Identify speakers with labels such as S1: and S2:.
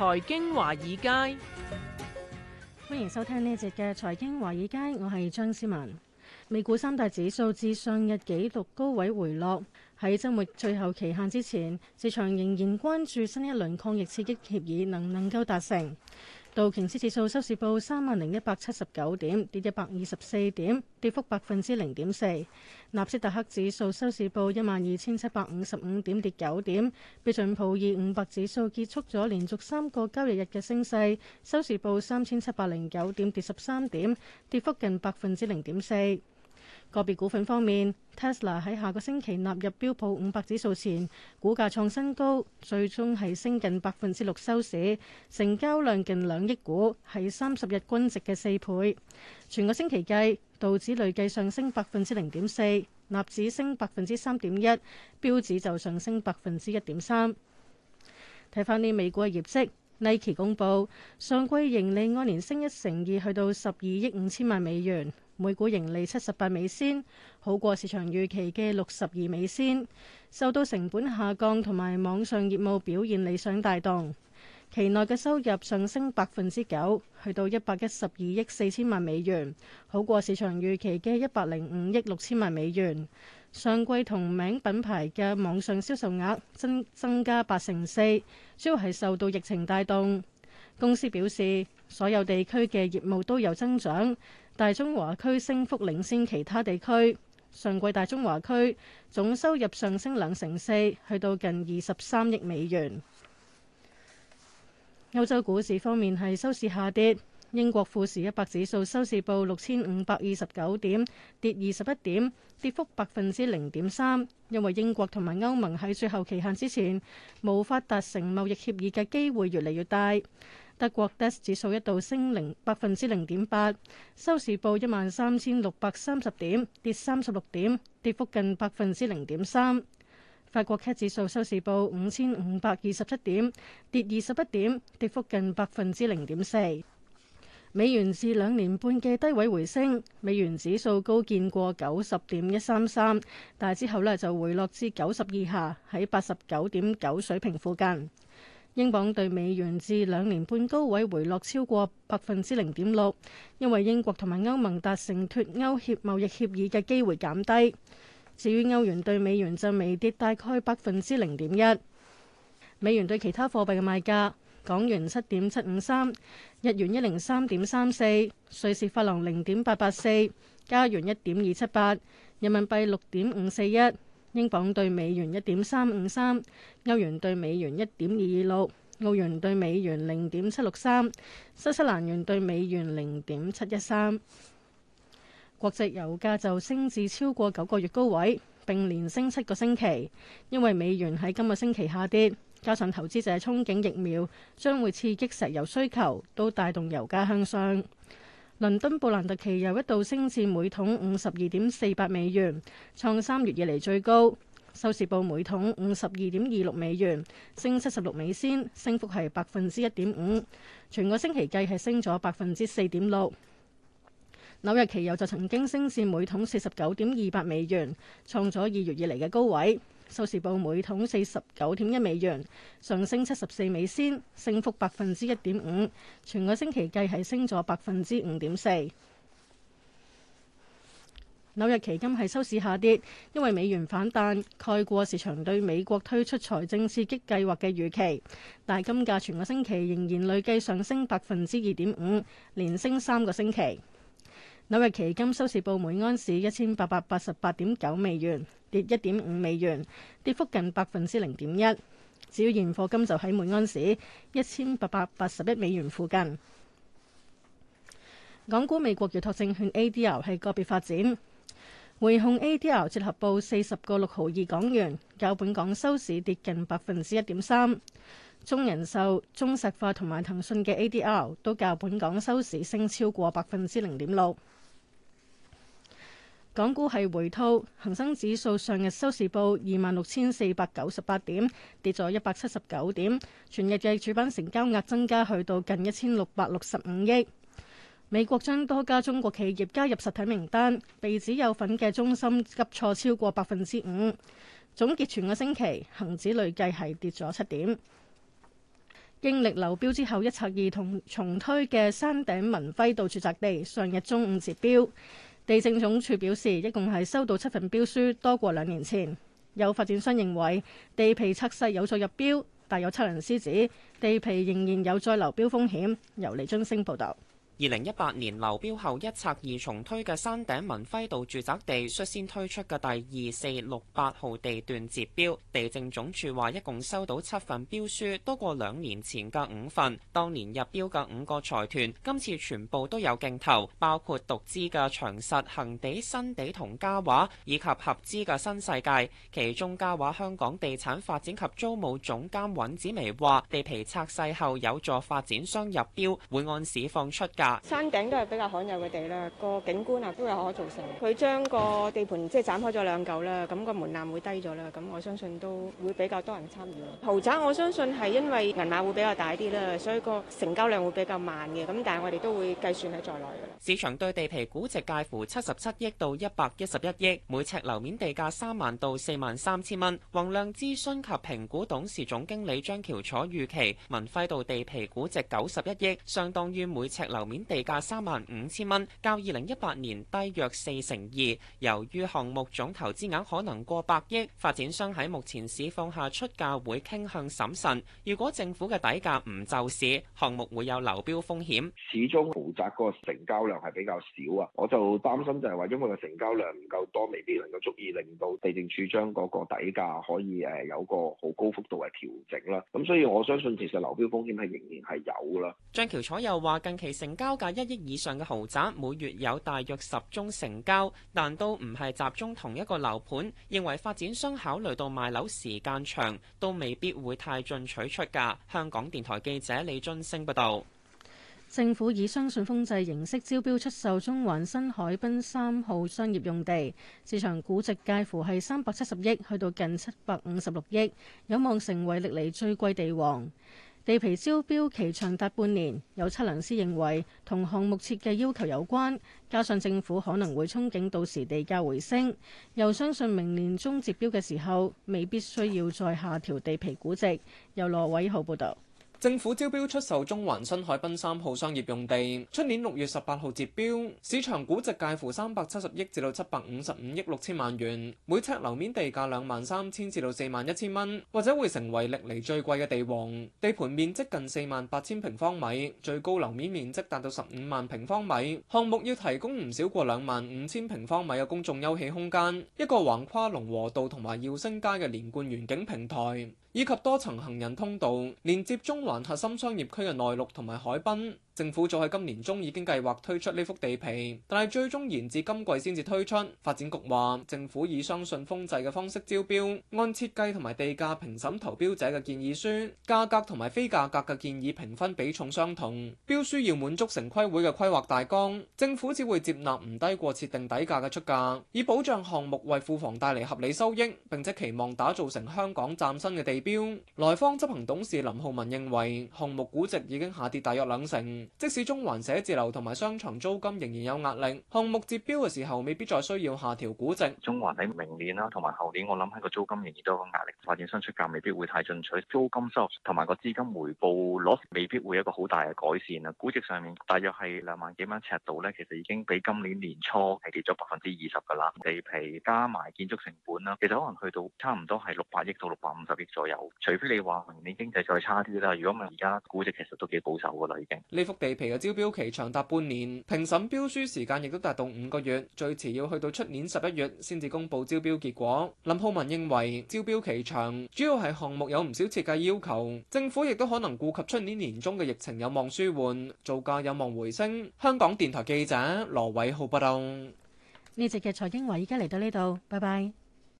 S1: 財經華爾街，歡迎收聽呢一節嘅財經華爾街，我係張思文。美股三大指數至上日紀錄高位回落，喺周末最後期限之前，市場仍然關注新一輪抗疫刺激協議能唔能夠達成。道瓊斯指數收市報三萬零一百七十九點，跌一百二十四點，跌幅百分之零點四。納斯達克指數收市報一萬二千七百五十五點，跌九點。標準普爾五百指數結束咗連續三個交易日嘅升勢，收市報三千七百零九點，跌十三點，跌幅近百分之零點四。個別股份方面，Tesla 喺下個星期納入標普五百指數前，股價創新高，最終係升近百分之六收市，成交量近兩億股，係三十日均值嘅四倍。全個星期計，道指累計上升百分之零點四，納指升百分之三點一，標指就上升百分之一點三。睇翻啲美股嘅業績，Nike 公佈上季盈利按年升一成二，去到十二億五千萬美元。每股盈利七十八美仙，好過市場預期嘅六十二美仙。受到成本下降同埋網上業務表現理想帶動，期內嘅收入上升百分之九，去到一百一十二億四千萬美元，好過市場預期嘅一百零五億六千萬美元。上季同名品牌嘅網上銷售額增增加八成四，主要係受到疫情帶動。公司表示，所有地區嘅業務都有增長。大中華區升幅領先其他地區，上季大中華區總收入上升兩成四，去到近二十三億美元。歐洲股市方面，係收市下跌。英國富時一百指數收市報六千五百二十九點，跌二十一點，跌幅百分之零點三。因為英國同埋歐盟喺最後期限之前無法達成貿易協議嘅機會越嚟越大。德國 DAX 指數一度升零百分之零點八，收市報一萬三千六百三十點，跌三十六點，跌幅近百分之零點三。法國 CAC 指數收市報五千五百二十七點，跌二十一點，跌幅近百分之零點四。美元至兩年半嘅低位回升，美元指數高見過九十點一三三，但係之後呢就回落至九十以下，喺八十九點九水平附近。英鎊對美元至兩年半高位回落超過百分之零點六，因為英國同埋歐盟達成脫歐協貿易協議嘅機會減低。至於歐元對美元就微跌大概百分之零點一。美元對其他貨幣嘅賣價。港元七點七五三，日元一零三點三四，瑞士法郎零點八八四，加元一點二七八，人民幣六點五四一，英鎊對美元一點三五三，歐元對美元一點二二六，澳元對美元零點七六三，新西蘭元對美元零點七一三。國際油價就升至超過九個月高位，並連升七個星期，因為美元喺今個星期下跌。加上投資者憧憬疫苗將會刺激石油需求，都帶動油價向上。倫敦布蘭特期油一度升至每桶五十二點四八美元，創三月以嚟最高，收市報每桶五十二點二六美元，升七十六美仙，升幅係百分之一點五。全個星期計係升咗百分之四點六。紐約期油就曾經升至每桶四十九點二百美元，創咗二月以嚟嘅高位。收市報每桶四十九點一美元，上升七十四美仙，升幅百分之一點五，全個星期計係升咗百分之五點四。紐約期金係收市下跌，因為美元反彈蓋過市場對美國推出財政刺激計劃嘅預期，但係金價全個星期仍然累計上升百分之二點五，連升三個星期。紐約期金收市報每安士一千八百八十八點九美元。1> 跌一點五美元，跌幅近百分之零點一。只要現貨金就喺每盎司一千八百八十一美元附近。港股美國預託證券 A D L 係個別發展，匯控 A D L 折合報四十個六毫二港元，較本港收市跌近百分之一點三。中人壽、中石化同埋騰訊嘅 A D L 都較本港收市升超過百分之零點六。港股係回吐，恒生指數上日收市報二萬六千四百九十八點，跌咗一百七十九點。全日嘅主板成交額增加去到近一千六百六十五億。美國將多家中國企業加入實體名單，被指有份嘅中心急挫超過百分之五。總結全個星期，恒指累計係跌咗七點。經歷流標之後，一拆二同重推嘅山頂文輝道住宅地，上日中午截標。地政總署表示，一共係收到七份標書，多過兩年前。有發展商認為地皮測試有助入標，但有測量師指地皮仍然有再流標風險。由李津升報道。
S2: 二零一八年流標後一拆二重推嘅山頂文輝道住宅地率先推出嘅第二四六八號地段截標，地政總署話一共收到七份標書，多過兩年前嘅五份。當年入標嘅五個財團，今次全部都有競投，包括獨資嘅長實、恆地、新地同嘉華，以及合資嘅新世界。其中嘉華香港地產發展及租務總監尹子薇話：地皮拆細後有助發展商入標，會按市況出價。
S1: 山頂都係比較罕有嘅地啦，個景觀啊都有可造成。佢將個地盤即係斬開咗兩嚿啦，咁個門檻會低咗啦，咁我相信都會比較多人參與。豪宅我相信係因為銀碼會比較大啲啦，所以個成交量會比較慢嘅，咁但係我哋都會計算喺在內嘅。
S2: 市場對地皮估值介乎七十七億到一百一十一億，每尺樓面地價三萬到四萬三千蚊。宏亮諮詢及評估董事總經理張橋楚預期，文輝道地皮估值九十一億，相當於每尺樓面。地價三萬五千蚊，較二零一八年低約四成二。由於項目總投資額可能過百億，發展商喺目前市況下出價會傾向審慎。如果政府嘅底價唔就市，項目會有流標風險。
S3: 始終豪宅嗰個成交量係比較少啊，我就擔心就係話，因為個成交量唔夠多，未必能夠足以令到地政處將嗰個底價可以誒有個好高幅度嘅調整啦。咁所以我相信，其實流標風險係仍然係有㗎啦。
S2: 張橋楚又話：近期成交。高價一億以上嘅豪宅，每月有大約十宗成交，但都唔係集中同一個樓盤。認為發展商考慮到賣樓時間長，都未必會太進取出價。香港電台記者李津升報道：
S1: 政府以雙信封制形式招標出售中環新海濱三號商業用地，市場估值介乎係三百七十億去到近七百五十六億，有望成為歷嚟最貴地王。地皮招標期長達半年，有測量師認為同項目設計要求有關，加上政府可能會憧憬到時地價回升，又相信明年中截標嘅時候未必需要再下調地皮估值。由羅偉浩報道。政府招標出
S3: 售中環新海濱三號商業用地，出年六月十八號截標，市場估值介乎三百七十億至到七百五十五億六千萬元，每尺樓面地價兩萬三千至到四萬一千蚊，或者會成為歷嚟最貴嘅地王。地盤面積近四萬八千平方米，最高樓面面積達到十五萬平方米。項目要提供唔少過兩萬五千平方米嘅公眾休憩空間，一個橫跨龍和道同埋耀星街嘅連貫園景平台，以及多層行人通道連接中。凡核心商業區嘅內陸同埋海濱。政府早喺今年中已經計劃推出呢幅地皮，但係最終延至今季先至推出。發展局話，政府以雙信封制嘅方式招標，按設計同埋地價評審投標者嘅建議書，價格同埋非價格嘅建議評分比重相同。標書要滿足城規會嘅規劃大綱，政府只會接納唔低過設定底價嘅出價，以保障項目為庫房帶嚟合理收益，並且期望打造成香港嶄新嘅地標。來方執行董事林浩文認為，項目估值已經下跌大約兩成。即使中環寫字樓同埋商場租金仍然有壓力，項目接標嘅時候未必再需要下調估值。中環喺明年啦，同埋後年，我諗喺個租金仍然都有個壓力。發展商出價未必會太進取，租金收入同埋個資金回報率未必會有一個好大嘅改善啦。估值上面大約係兩萬幾蚊尺度咧，其實已經比今年年初係跌咗百分之二十㗎啦。地皮加埋建築成本啦，其實可能去到差唔多係六百億到六百五十億左右。除非你話明年經濟再差啲啦，如果唔係而家估值其實都幾保守㗎啦，已經。呢幅地皮嘅招標期長達半年，評審標書時間亦都達到五個月，最遲要去到出年十一月先至公布招標結果。林浩文認為招標期長，主要係項目有唔少設計要求，政府亦都可能顧及出年年中嘅疫情有望舒緩，造價有望回升。香港電台記者羅偉浩報道。
S1: 呢節嘅財經華，依家嚟到呢度，拜拜。